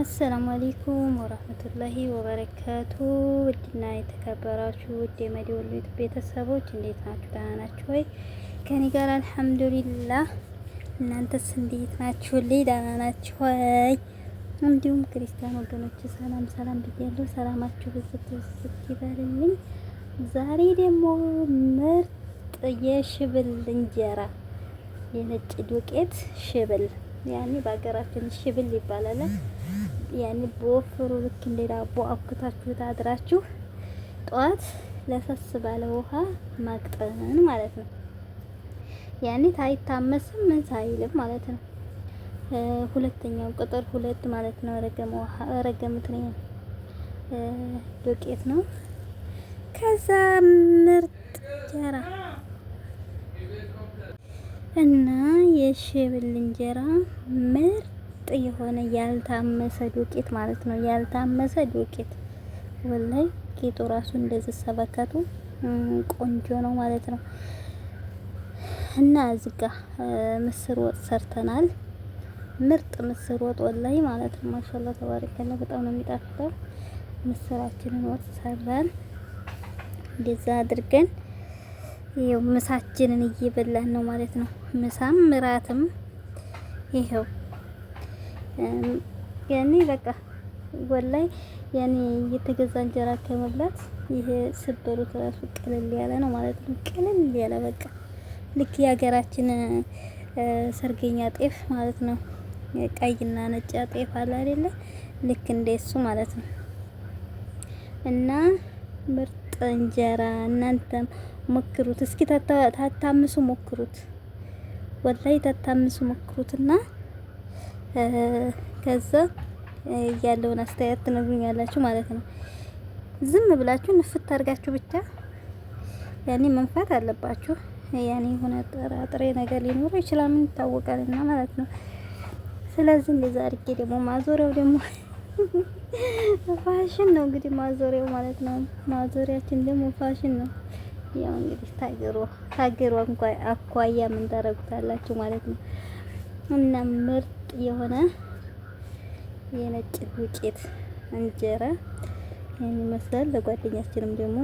አሰላሙ አሌይኩም ወራህመቱላሂ ወበረካቱ። ውድና የተከበራችሁ ውድ የመዲወሉት ቤተሰቦች እንዴት ናችሁ? ደህና ናችሁ ወይ? ከኔ ጋር አልሐምዱሊላህ። እናንተስ እንዴት ናችሁ? ልይ ደህና ናችሁ ወይ? እንዲሁም ክርስቲያን ወገኖች ሰላም ሰላም ብያለሁ። ሰላማችሁ ብዝት ብዝት ዛሬ ደግሞ ምርጥ የሽብል እንጀራ የነጭ ዱቄት ሽብል ያኔ በሀገራችን ሽብል ይባላል። ያን በወፈሩ ልክ እንደ ዳቦ አብኩታችሁ ታድራችሁ ጠዋት ለፈስ ባለ ውሃ ማቅጠን ማለት ነው። ያኔ ታይታመስም ምን ሳይልም ማለት ነው። ሁለተኛው ቁጥር ሁለት ማለት ነው። ረገመ ውሃ ረገምት ነው ዱቄት ነው። ከዛ ምርጥ እንጀራ እና የሽብል እንጀራ ምርጥ ምርጥ የሆነ ያልታመሰ ዱቄት ማለት ነው። ያልታመሰ ዱቄት ወላይ ጌጡ ራሱ እንደዚህ ሰበከቱ ቆንጆ ነው ማለት ነው። እና እዚህ ጋ ምስር ወጥ ሰርተናል። ምርጥ ምስር ወጥ ወላይ ማለት ነው። ማሻላ ተባረከለ። በጣም ነው የሚጣፍጠው። ምስራችንን ወጥ ሰራን እንደዛ አድርገን ይኸው ምሳችንን እየበላን ነው ማለት ነው። ምሳም እራትም ይኸው ያኔ በቃ ወላይ ያኔ የተገዛ እንጀራ ከመብላት ይሄ ስበሩት ራሱ ቀለል ያለ ነው ማለት ነው። ቀለል ያለ በቃ ልክ የሀገራችን ሰርገኛ ጤፍ ማለት ነው። ቀይና ነጭ ጤፍ አለ አይደለ? ልክ እንደሱ ማለት ነው። እና ምርጥ እንጀራ እናንተም ሞክሩት እስኪ፣ ታታምሱ ሞክሩት፣ ወላይ ታታምሱ ሞክሩትና ከዛ ያለውን አስተያየት ትነግሩኛላችሁ ማለት ነው። ዝም ብላችሁ ንፍት አድርጋችሁ ብቻ ያኔ መንፋት አለባችሁ። ያኔ የሆነ ጥራጥሬ ነገር ሊኖር ይችላል፣ ምን ይታወቃልና ማለት ነው። ስለዚህ እንደዛ አድርጌ ደግሞ ማዞሪያው ደግሞ ፋሽን ነው እንግዲህ ማዞሪያው ማለት ነው። ማዞሪያችን ደግሞ ፋሽን ነው። ያው እንግዲህ ታገሩ ታገሩ አኳያ ምን ታረጉታላችሁ ማለት ነው እና ምርት የሆነ የነጭ ዱቄት እንጀራ ይህን ይመስላል። ለጓደኛችንም ደግሞ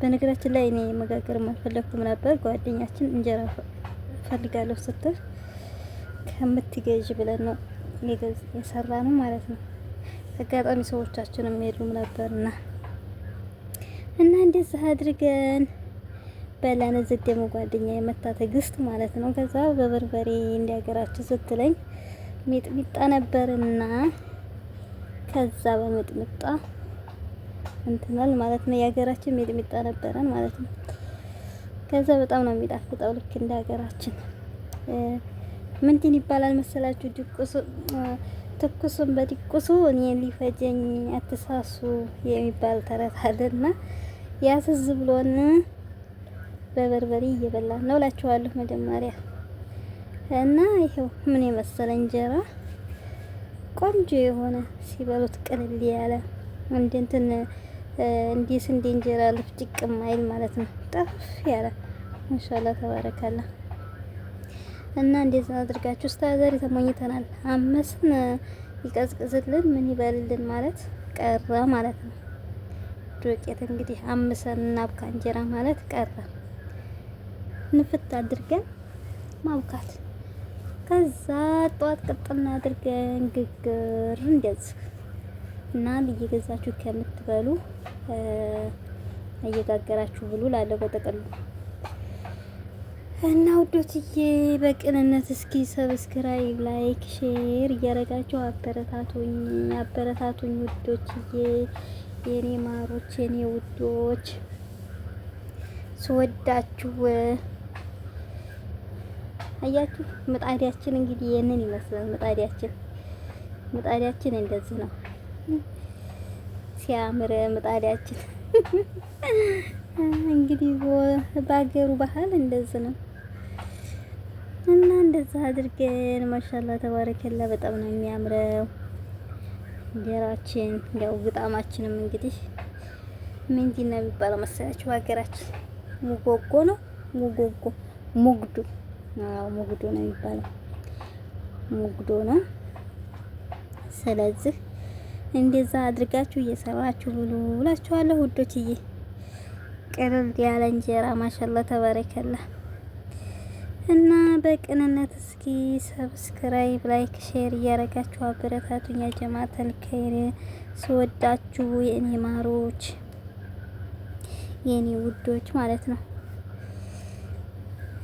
በነገራችን ላይ እኔ መጋገር አልፈለኩም ነበር። ጓደኛችን እንጀራ ፈልጋለሁ ስትል ከምትገዥ ብለን ነው የሰራ ነው ማለት ነው። አጋጣሚ ሰዎቻችንም የሉም ነበርና እና እንደዚህ አድርገን በላነ ዘዴ መጓደኛ ጓደኛ የመታ ትግስት ማለት ነው። ከዛ በበርበሬ እንዲያገራችሁ ስትለኝ ሚጥሚጣ ነበርና ከዛ በሚጥሚጣ እንትናል ማለት ነው። የሀገራችን ሚጥሚጣ ነበረን ማለት ነው። ከዛ በጣም ነው የሚጣፍጠው ልክ እንደ ሀገራችን ምንድን ይባላል መሰላችሁ? ድቁሱ ትኩሱን በድቁሱ እኔ ሊፈጀኝ አትሳሱ የሚባል ተረት አለና ያስዝ ብሎን በበርበሬ እየበላ ነው እላችኋለሁ። መጀመሪያ እና ይሄው ምን የመሰለ እንጀራ ቆንጆ የሆነ ሲበሉት ቅልል ያለ እንደ እንትን እንደ ስንዴ እንጀራ ልፍጭቅ ማይል ማለት ነው። ጠፍ ያለ ማሻአላ ተባረካላ። እና እንዴት አድርጋችሁ ስታዘር ተሞኝተናል። አመስን ይቀዝቅዝልን ምን ይበልልን ማለት ቀረ ማለት ነው። ዱቄት እንግዲህ አምሰን እናብካ እንጀራ ማለት ቀረ። ንፍት አድርገን ማብካት። ከዛ ጠዋት ቅጥና አድርገን ግግር እንደዚህ እና እየገዛችሁ ከምትበሉ እየጋገራችሁ ብሉ ላለው በጠቅሉ እና ውዶትዬ በቅንነት እስኪ ሰብስክራይብ፣ ላይክ፣ ሼር እያረጋችሁ አበረታቱኝ አበረታቱኝ ውዶችዬ የኔ ማሮች የኔ ውዶች ስወዳችሁ አያችሁ ምጣዲያችን እንግዲህ ይሄንን ይመስላል። ምጣዲያችን ምጣዲያችን እንደዚህ ነው ሲያምር ምጣዲያችን እንግዲህ በአገሩ ባህል እንደዚህ ነው እና እንደዛ አድርገን ማሻላ ተባረከላ በጣም ነው የሚያምረው እንጀራችን። ያው ግጣማችንም እንግዲህ ምንድን ነው የሚባለው መሰላችሁ ሀገራችን ሙጎጎ ነው ሙጎጎ ሙግዱ ያው ሙግዶ ነው የሚባለው ሙግዶ ነው። ስለዚህ እንደዛ አድርጋችሁ እየሰራችሁ ብሉ ብላችኋለሁ ውዶችዬ። ቅልል ያለ እንጀራ ማሻላ ተበረከላ እና በቅንነት እስኪ ሰብስክራይብ፣ ላይክ፣ ሼር እያረጋችሁ አበረታቱኝ። ጀማተል ከይር ስወዳችሁ የኔ ማሮች የኔ ውዶች ማለት ነው።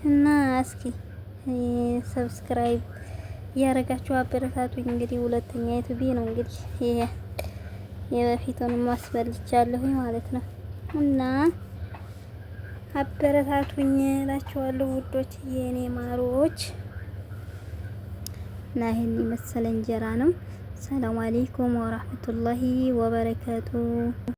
እና እስኪ ሰብስክራይብ እያደረጋችሁ አበረታቱኝ። እንግዲህ ሁለተኛ ዩቲዩብ ነው እንግዲህ ይሄ የበፊቱን ማስበልቻለሁ ማለት ነው እና አበረታቱኝ እላችኋለሁ ውዶች፣ የኔ ማሮች እና ይሄን የመሰለ እንጀራ ነው። ሰላም አለይኩም ወራህመቱላሂ ወበረከቱ